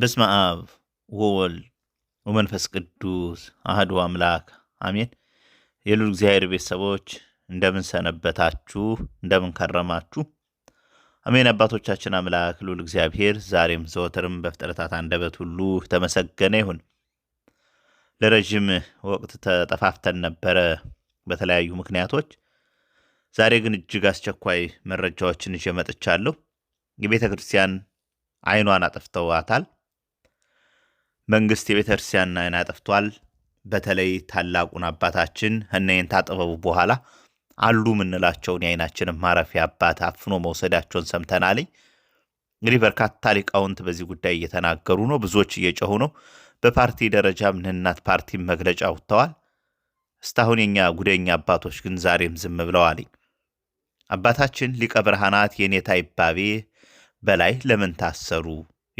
በስመ አብ ወወልድ ወመንፈስ ቅዱስ አህዱ አምላክ አሜን። የሉል እግዚአብሔር ቤተሰቦች እንደምን ሰነበታችሁ? እንደምን ከረማችሁ? አሜን። አባቶቻችን አምላክ ሉል እግዚአብሔር ዛሬም ዘወትርም በፍጥረታት አንደበት ሁሉ ተመሰገነ ይሁን። ለረዥም ወቅት ተጠፋፍተን ነበረ በተለያዩ ምክንያቶች። ዛሬ ግን እጅግ አስቸኳይ መረጃዎችን ይዤ መጥቻለሁ። የቤተ ክርስቲያን ዓይኗን አጠፍተዋታል። መንግስት የቤተ ክርስቲያንን ዓይን አጥፍቷል። በተለይ ታላቁን አባታችን እነይን ታጥበቡ በኋላ አሉ የምንላቸውን የአይናችንም ማረፊያ አባት አፍኖ መውሰዳቸውን ሰምተናል። እንግዲህ በርካታ ሊቃውንት በዚህ ጉዳይ እየተናገሩ ነው። ብዙዎች እየጮሁ ነው። በፓርቲ ደረጃ ምንናት ፓርቲ መግለጫ ወጥተዋል። እስታሁን የኛ ጉደኛ አባቶች ግን ዛሬም ዝም ብለዋልኝ። አባታችን ሊቀ ብርሃናት የኔታ ይባቤ በላይ ለምን ታሰሩ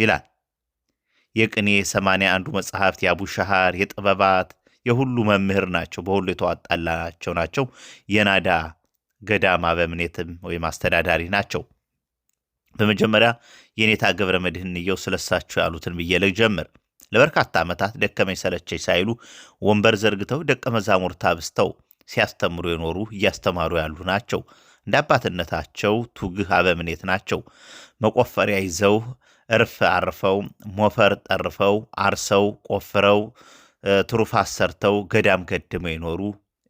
ይላል። የቅኔ ሰማንያ አንዱ መጽሐፍት የአቡሻሃር የጥበባት የሁሉ መምህር ናቸው። በሁሉ የተዋጣላ ናቸው። የናዳ ገዳም በምኔትም ወይም አስተዳዳሪ ናቸው። በመጀመሪያ የኔታ ገብረ መድህንየው ስለሳቸው ያሉትን ብዬ ልጀምር። ለበርካታ ዓመታት ደከመኝ ሰለቸኝ ሳይሉ ወንበር ዘርግተው ደቀ መዛሙርት አብዝተው ሲያስተምሩ የኖሩ እያስተማሩ ያሉ ናቸው። እንደ አባትነታቸው ቱግህ አበምኔት ናቸው። መቆፈሪያ ይዘው እርፍ አርፈው ሞፈር ጠርፈው አርሰው ቆፍረው ትሩፋት ሰርተው ገዳም ገድመው የኖሩ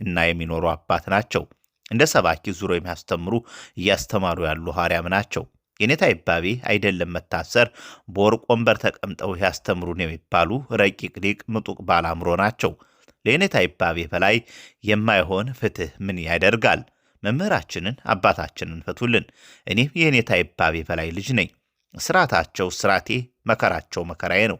እና የሚኖሩ አባት ናቸው። እንደ ሰባኪ ዙሮ የሚያስተምሩ እያስተማሩ ያሉ ሐርያም ናቸው። የኔታ ይባቤ አይደለም መታሰር በወርቅ ወንበር ተቀምጠው ያስተምሩን የሚባሉ ረቂቅ ሊቅ ምጡቅ ባላምሮ ናቸው። ለኔታ ይባቤ በላይ የማይሆን ፍትህ ምን ያደርጋል? መምህራችንን አባታችንን ፈቱልን። እኔ የኔታ ይባቤ በላይ ልጅ ነኝ። ስራታቸው ስራቴ፣ መከራቸው መከራዬ ነው።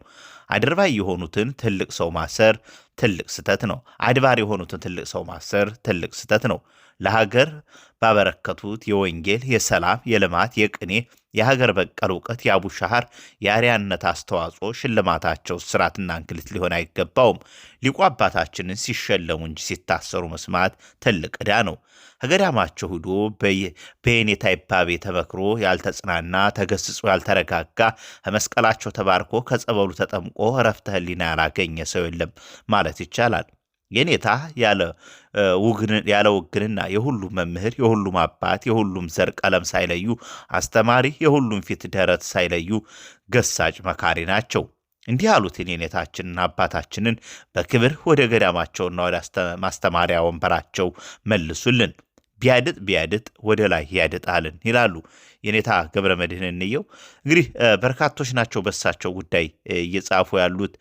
አድርባይ የሆኑትን ትልቅ ሰው ማሰር ትልቅ ስተት ነው። አድባር የሆኑትን ትልቅ ሰው ማሰር ትልቅ ስተት ነው። ለሀገር ባበረከቱት የወንጌል፣ የሰላም፣ የልማት፣ የቅኔ፣ የሀገር በቀል እውቀት፣ የአቡሻሃር የአርያነት አስተዋጽኦ ሽልማታቸው ስራትና እንክልት ሊሆን አይገባውም። ሊቁ አባታችንን ሲሸለሙ እንጂ ሲታሰሩ መስማት ትልቅ ዕዳ ነው። ከገዳማቸው ሂዶ በየኔታ ይባቤ ተመክሮ ያልተጽናና ተገስጾ ያልተረጋጋ ከመስቀላቸው ተባርኮ ከጸበሉ ተጠምቆ እረፍተ ህሊና ያላገኘ ሰው የለም ማለት ይቻላል። የኔታ ያለ ውግንና የሁሉም መምህር የሁሉም አባት የሁሉም ዘር ቀለም ሳይለዩ አስተማሪ የሁሉም ፊት ደረት ሳይለዩ ገሳጭ መካሪ ናቸው። እንዲህ ያሉትን የኔታችንን አባታችንን በክብር ወደ ገዳማቸውና ወደ ማስተማሪያ ወንበራቸው መልሱልን። ቢያድጥ ቢያድጥ ወደ ላይ ያድጣልን ይላሉ የኔታ ገብረ መድህን እንየው። እንግዲህ በርካቶች ናቸው በሳቸው ጉዳይ እየጻፉ ያሉት።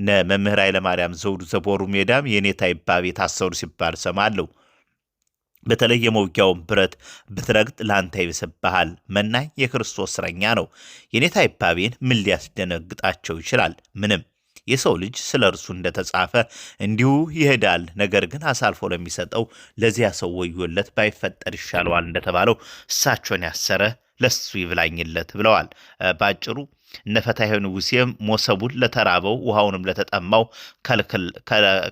እነ መምህር ኃይለማርያም ዘውዱ ዘቦሩ ሜዳም የኔታ ይባቤ ታሰሩ ሲባል ሰማለሁ። በተለይ የመውጊያውን ብረት ብትረግጥ ለአንተ ይብስብሃል። መናኝ የክርስቶስ እስረኛ ነው። የኔታ ይባቤን ምን ሊያስደነግጣቸው ይችላል? ምንም የሰው ልጅ ስለ እርሱ እንደተጻፈ እንዲሁ ይሄዳል፣ ነገር ግን አሳልፎ ለሚሰጠው ለዚያ ሰው ወዮለት፣ ባይፈጠር ይሻለዋል እንደተባለው እሳቸውን ያሰረ ለሱ ይብላኝለት ብለዋል። በአጭሩ እነፈታሄ ንጉሴም ሞሰቡን ለተራበው ውሃውንም ለተጠማው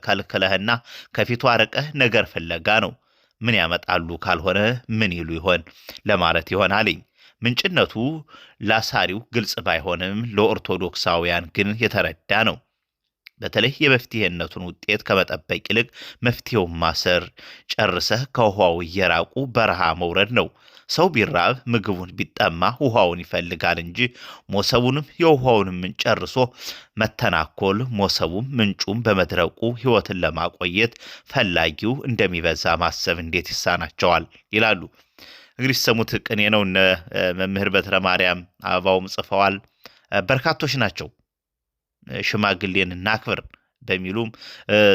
ከልክለህና ከፊቱ አርቀህ ነገር ፍለጋ ነው ምን ያመጣሉ ካልሆነ ምን ይሉ ይሆን ለማለት ይሆናልኝ። ምንጭነቱ ላሳሪው ግልጽ ባይሆንም ለኦርቶዶክሳውያን ግን የተረዳ ነው። በተለይ የመፍትሄነቱን ውጤት ከመጠበቅ ይልቅ መፍትሄውን ማሰር፣ ጨርሰህ ከውሃው እየራቁ በረሃ መውረድ ነው። ሰው ቢራብ ምግቡን ቢጠማ ውሃውን ይፈልጋል እንጂ ሞሰቡንም የውኃውንም ምንጭ ጨርሶ መተናኮል፣ ሞሰቡም ምንጩም በመድረቁ ሕይወትን ለማቆየት ፈላጊው እንደሚበዛ ማሰብ እንዴት ይሳናቸዋል? ይላሉ። እንግዲህ ሲሰሙት ቅኔ ነው። እነ መምህር በትረ ማርያም አበባውም ጽፈዋል። በርካቶች ናቸው። ሽማግሌን እናክብር በሚሉም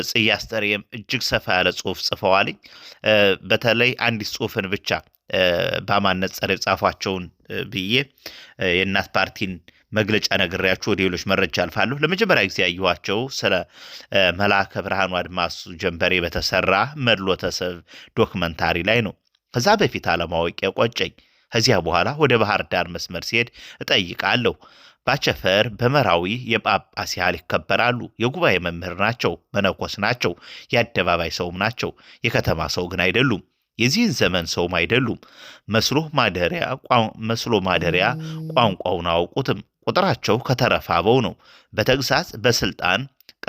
ጽያስጠሬም አስጠሬም እጅግ ሰፋ ያለ ጽሁፍ ጽፈዋልኝ። በተለይ አንዲት ጽሁፍን ብቻ በማነት ጸር የጻፏቸውን ብዬ የእናት ፓርቲን መግለጫ ነግሬያችሁ ወደ ሌሎች መረጃ አልፋለሁ። ለመጀመሪያ ጊዜ ያየኋቸው ስለ መልአከ ብርሃኑ አድማሱ ጀንበሬ በተሰራ መድሎተሰብ ዶክመንታሪ ላይ ነው። ከዛ በፊት አለማወቅ የቆጨኝ። ከዚያ በኋላ ወደ ባህር ዳር መስመር ሲሄድ እጠይቃለሁ። ባቸፈር በመራዊ የጳጳስ ያህል ይከበራሉ። የጉባኤ መምህር ናቸው፣ መነኮስ ናቸው፣ የአደባባይ ሰውም ናቸው። የከተማ ሰው ግን አይደሉም። የዚህን ዘመን ሰውም አይደሉም። መስሎ ማደሪያ መስሎ ማደሪያ ቋንቋውን አያውቁትም። ቁጥራቸው ከተረፋበው ነው። በተግሳጽ በስልጣን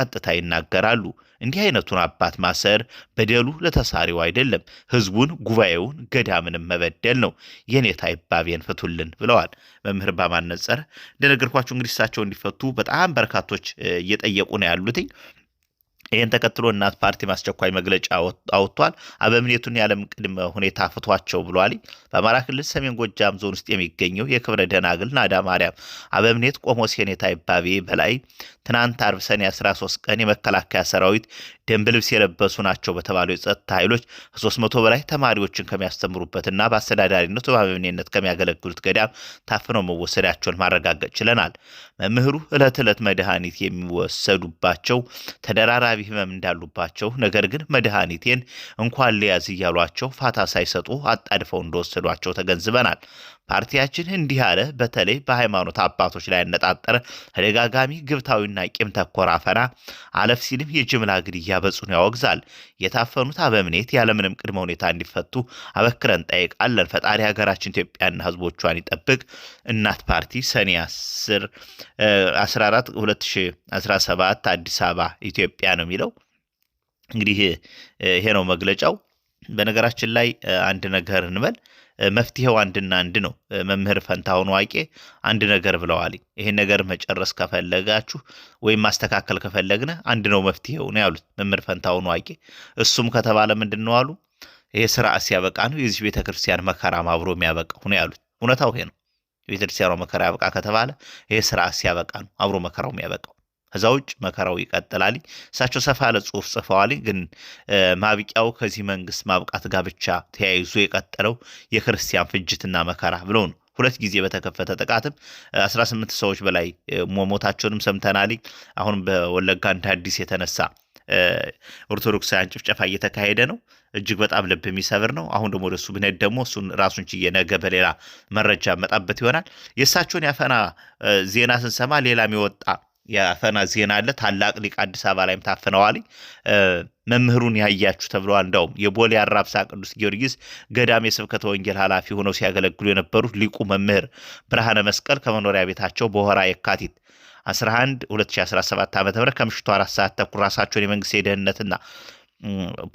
ቀጥታ ይናገራሉ። እንዲህ አይነቱን አባት ማሰር በደሉ ለተሳሪው አይደለም፣ ህዝቡን፣ ጉባኤውን፣ ገዳምንም መበደል ነው። የኔታ ይባቤን ፍቱልን ብለዋል መምህር ባማነጸር። እንደነገርኳቸው እንግዲህ እሳቸው እንዲፈቱ በጣም በርካቶች እየጠየቁ ነው ያሉትኝ። ይህን ተከትሎ እናት ፓርቲ ማስቸኳይ መግለጫ አውጥቷል። አበምኔቱን ያለም ቅድመ ሁኔታ ፍቷቸው ብሏል። በአማራ ክልል ሰሜን ጎጃም ዞን ውስጥ የሚገኘው የክብረ ደናግል ናዳ ማርያም አበምኔት ቆሞስ የኔታ ይባቤ በላይ ትናንት አርብ ሰኔ 13 ቀን የመከላከያ ሰራዊት ደንብ ልብስ የለበሱ ናቸው በተባሉ የጸጥታ ኃይሎች ከ300 በላይ ተማሪዎችን ከሚያስተምሩበትና በአስተዳዳሪነት በአበምኔነት ከሚያገለግሉት ገዳም ታፍነው መወሰዳቸውን ማረጋገጥ ችለናል። መምህሩ ዕለት ዕለት መድኃኒት የሚወሰዱባቸው ተደራራቢ አሳሳቢ ህመም እንዳሉባቸው ነገር ግን መድኃኒቴን እንኳን ልያዝ እያሏቸው ፋታ ሳይሰጡ አጣድፈው እንደወሰዷቸው ተገንዝበናል። ፓርቲያችን እንዲህ ያለ በተለይ በሃይማኖት አባቶች ላይ ያነጣጠረ ተደጋጋሚ ግብታዊና ቂም ተኮር አፈና አለፍ ሲልም የጅምላ ግድያ በጽኑ ያወግዛል። የታፈኑት አበምኔት ያለምንም ቅድመ ሁኔታ እንዲፈቱ አበክረን ጠይቃለን። ፈጣሪ ሀገራችን ኢትዮጵያና ህዝቦቿን ይጠብቅ። እናት ፓርቲ ሰኔ 14 2017 አዲስ አበባ ኢትዮጵያ ነው የሚለው እንግዲህ ይሄ ነው መግለጫው። በነገራችን ላይ አንድ ነገር እንበል መፍትሄው አንድና አንድ ነው። መምህር ፈንታሁን ዋቄ አንድ ነገር ብለዋል። ይሄን ነገር መጨረስ ከፈለጋችሁ ወይም ማስተካከል ከፈለግነ አንድ ነው መፍትሄው ነው ያሉት መምህር ፈንታሁን ዋቄ። እሱም ከተባለ ምንድን ነው አሉ፣ ይሄ ስርዓት ሲያበቃ ነው የዚህ ቤተክርስቲያን መከራ አብሮ የሚያበቃው ነው ያሉት። እውነታው ይሄ ነው። የቤተክርስቲያኗ መከራ ያበቃ ከተባለ ይሄ ስርዓት ሲያበቃ ነው አብሮ መከራው የሚያበቃው። ከዛ ውጭ መከራው ይቀጥላል። እሳቸው ሰፋ ያለ ጽሁፍ ጽፈዋል። ግን ማብቂያው ከዚህ መንግስት ማብቃት ጋር ብቻ ተያይዞ የቀጠለው የክርስቲያን ፍጅትና መከራ ብለው ነው። ሁለት ጊዜ በተከፈተ ጥቃትም 18 ሰዎች በላይ መሞታቸውንም ሰምተናል። አሁን በወለጋ እንደ አዲስ የተነሳ ኦርቶዶክሳውያን ጭፍጨፋ እየተካሄደ ነው። እጅግ በጣም ልብ የሚሰብር ነው። አሁን ደግሞ ወደሱ ብንሄድ ደግሞ እሱን ራሱን ችዬ ነገ በሌላ መረጃ መጣበት ይሆናል። የእሳቸውን ያፈና ዜና ስንሰማ ሌላም የወጣ የአፈና ዜና አለ። ታላቅ ሊቅ አዲስ አበባ ላይም ታፍነዋል። መምህሩን ያያችሁ ተብለዋል። እንደውም የቦሌ አራብሳ ቅዱስ ጊዮርጊስ ገዳም የስብከተ ወንጌል ኃላፊ ሆነው ሲያገለግሉ የነበሩት ሊቁ መምህር ብርሃነ መስቀል ከመኖሪያ ቤታቸው በሆራ የካቲት 11 2017 ዓ ም ከምሽቱ አራት ሰዓት ተኩል ራሳቸውን የመንግስት የደህንነትና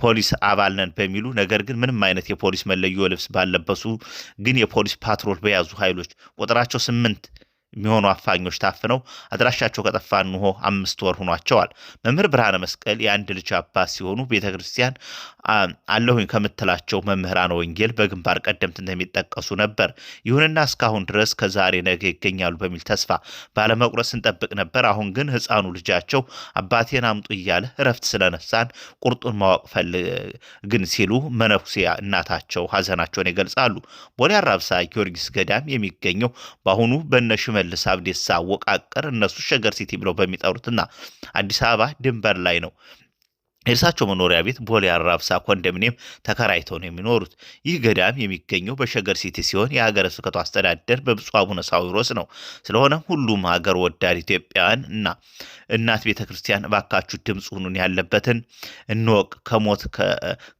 ፖሊስ አባል ነን በሚሉ ነገር ግን ምንም አይነት የፖሊስ መለዮ ልብስ ባለበሱ ግን የፖሊስ ፓትሮል በያዙ ኃይሎች ቁጥራቸው ስምንት የሚሆኑ አፋኞች ታፍነው አድራሻቸው ከጠፋ እንሆ አምስት ወር ሆኗቸዋል። መምህር ብርሃነ መስቀል የአንድ ልጅ አባት ሲሆኑ ቤተ ክርስቲያን አለሁኝ ከምትላቸው መምህራን ወንጌል በግንባር ቀደምት እንደሚጠቀሱ ነበር። ይሁንና እስካሁን ድረስ ከዛሬ ነገ ይገኛሉ በሚል ተስፋ ባለመቁረስ ስንጠብቅ ነበር። አሁን ግን ሕፃኑ ልጃቸው አባቴን አምጡ እያለ እረፍት ስለነሳን ቁርጡን ማወቅ ፈልግን ሲሉ መነኩሴ እናታቸው ሀዘናቸውን ይገልጻሉ። ቦሌ አራብሳ ጊዮርጊስ ገዳም የሚገኘው በአሁኑ በነሽመ ሽመልስ አብዲሳ አወቃቀር እነሱ ሸገር ሲቲ ብለው በሚጠሩትና አዲስ አበባ ድንበር ላይ ነው የእርሳቸው መኖሪያ ቤት ቦሌ አራብሳ ኮንዶሚኒየም ተከራይተው ነው የሚኖሩት። ይህ ገዳም የሚገኘው በሸገር ሲቲ ሲሆን የሀገረ ስብከቱ አስተዳደር በብፁዕ አቡነ ሳዊሮስ ነው። ስለሆነም ሁሉም ሀገር ወዳድ ኢትዮጵያውያን እና እናት ቤተ ክርስቲያን እባካችሁ ድምፅ ሁኑን፣ ያለበትን እንወቅ፣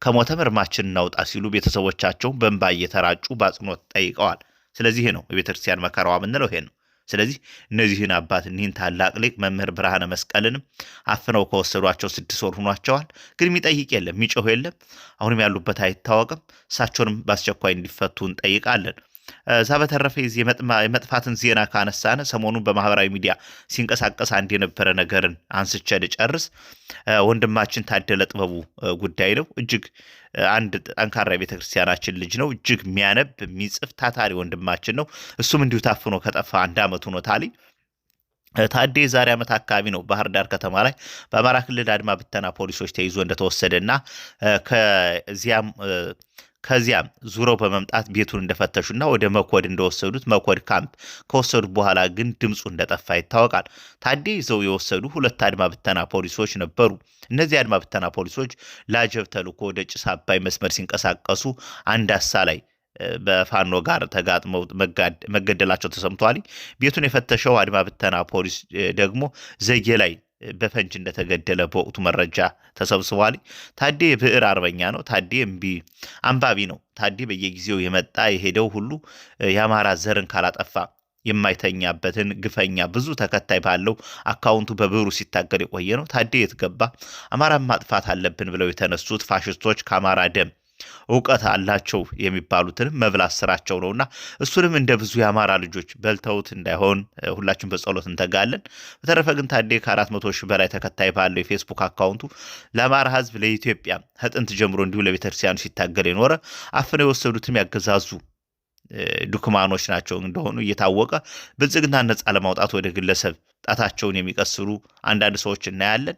ከሞተ መርማችን እናውጣ ሲሉ ቤተሰቦቻቸውን በእንባ እየተራጩ በአጽንኦት ጠይቀዋል። ስለዚህ ነው የቤተክርስቲያን መከራዋ ምንለው ይሄ ነው። ስለዚህ እነዚህን አባት እኒህን ታላቅ ሊቅ መምህር ብርሃነ መስቀልንም አፍነው ከወሰዷቸው ስድስት ወር ሆኗቸዋል። ግን የሚጠይቅ የለም፣ የሚጮህ የለም። አሁንም ያሉበት አይታወቅም። እሳቸውንም በአስቸኳይ እንዲፈቱ እንጠይቃለን። እዛ በተረፈ የመጥፋትን ዜና ካነሳን ሰሞኑን በማህበራዊ ሚዲያ ሲንቀሳቀስ አንድ የነበረ ነገርን አንስቼ ልጨርስ። ወንድማችን ታደለ ጥበቡ ጉዳይ ነው። እጅግ አንድ ጠንካራ ቤተክርስቲያናችን ልጅ ነው። እጅግ የሚያነብ የሚጽፍ ታታሪ ወንድማችን ነው። እሱም እንዲሁ ታፍኖ ከጠፋ አንድ ነው ታሊ ታዴ የዛሬ ዓመት አካባቢ ነው ባህር ዳር ከተማ ላይ በአማራ ክልል አድማ ብተና ፖሊሶች ተይዞ እንደተወሰደና ከዚያም ከዚያም ዙረው በመምጣት ቤቱን እንደፈተሹና ወደ መኮድ እንደወሰዱት መኮድ ካምፕ ከወሰዱት በኋላ ግን ድምፁ እንደጠፋ ይታወቃል። ታዴ ይዘው የወሰዱ ሁለት አድማ ብተና ፖሊሶች ነበሩ። እነዚህ አድማ ብተና ፖሊሶች ላጀብ ተልኮ ወደ ጭስ አባይ መስመር ሲንቀሳቀሱ አንዳሳ ላይ በፋኖ ጋር ተጋጥመው መገደላቸው ተሰምቷል። ቤቱን የፈተሸው አድማ ብተና ፖሊስ ደግሞ ዘጌ ላይ በፈንጅ እንደተገደለ በወቅቱ መረጃ ተሰብስቧል። ታዴ የብዕር አርበኛ ነው። ታዴ እምቢ አንባቢ ነው። ታዴ በየጊዜው የመጣ የሄደው ሁሉ የአማራ ዘርን ካላጠፋ የማይተኛበትን ግፈኛ ብዙ ተከታይ ባለው አካውንቱ በብዕሩ ሲታገል የቆየ ነው። ታዴ የት ገባ? አማራን ማጥፋት አለብን ብለው የተነሱት ፋሽስቶች ከአማራ ደም እውቀት አላቸው የሚባሉትን መብላት ስራቸው ነውና እሱንም እንደ ብዙ የአማራ ልጆች በልተውት እንዳይሆን ሁላችን በጸሎት እንተጋለን። በተረፈ ግን ታዴ ከአራት መቶ ሺህ በላይ ተከታይ ባለው የፌስቡክ አካውንቱ ለአማራ ሕዝብ ለኢትዮጵያ ከጥንት ጀምሮ እንዲሁ ለቤተክርስቲያኑ ሲታገል የኖረ አፍነው የወሰዱትም ያገዛዙ ዱክማኖች ናቸው እንደሆኑ እየታወቀ ብልጽግና ነፃ ለማውጣት ወደ ግለሰብ ጣታቸውን የሚቀስሩ አንዳንድ ሰዎች እናያለን።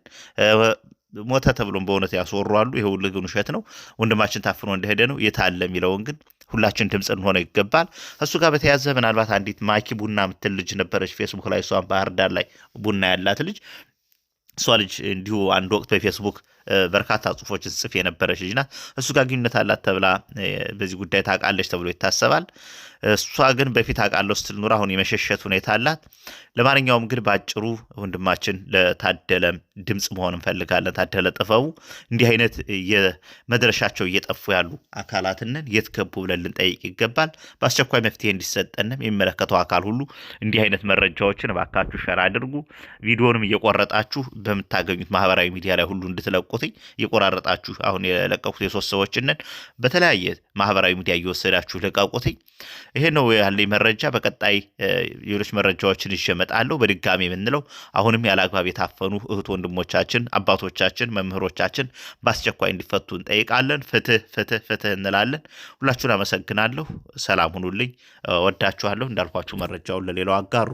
ሞተ ተብሎም በእውነት ያስወሩ አሉ። ይሄ ሁሉ ግን ውሸት ነው። ወንድማችን ታፍኖ እንደሄደ ነው። የት አለ የሚለውን ግን ሁላችን ድምፅ እንሆነ ይገባል። እሱ ጋር በተያዘ ምናልባት አንዲት ማኪ ቡና ምትል ልጅ ነበረች ፌስቡክ ላይ እሷን ባህርዳር ላይ ቡና ያላት ልጅ እሷ ልጅ እንዲሁ አንድ ወቅት በፌስቡክ በርካታ ጽሁፎችን ጽፍ የነበረች ልጅ ናት። እሱ ጋር ግንኙነት አላት ተብላ በዚህ ጉዳይ ታውቃለች ተብሎ ይታሰባል። እሷ ግን በፊት አውቃለሁ ስትል ኑር አሁን የመሸሸት ሁኔታ አላት። ለማንኛውም ግን በአጭሩ ወንድማችን ለታደለ ድምፅ መሆን እንፈልጋለን። ታደለ ጥፈቡ እንዲህ አይነት የመድረሻቸው እየጠፉ ያሉ አካላትንን የት ገቡ ብለን ልንጠይቅ ይገባል። በአስቸኳይ መፍትሄ እንዲሰጠንም የሚመለከተው አካል ሁሉ እንዲህ አይነት መረጃዎችን እባካችሁ ሸር አድርጉ። ቪዲዮንም እየቆረጣችሁ በምታገኙት ማህበራዊ ሚዲያ ላይ ሁሉ እንድትለቁትኝ እየቆራረጣችሁ አሁን የለቀቁት የሶስት ሰዎችንን በተለያየ ማህበራዊ ሚዲያ እየወሰዳችሁ ልቀቁትኝ። ይሄ ነው ያለኝ መረጃ። በቀጣይ ሌሎች መረጃዎችን ይዤ እመጣለሁ። በድጋሚ የምንለው አሁንም ያለ አግባብ የታፈኑ እህት ወንድሞቻችን፣ አባቶቻችን፣ መምህሮቻችን በአስቸኳይ እንዲፈቱ እንጠይቃለን። ፍትህ ፍትህ ፍትህ እንላለን። ሁላችሁን አመሰግናለሁ። ሰላም ሁኑልኝ። ወዳችኋለሁ። እንዳልኳችሁ መረጃውን ለሌላው አጋሩ።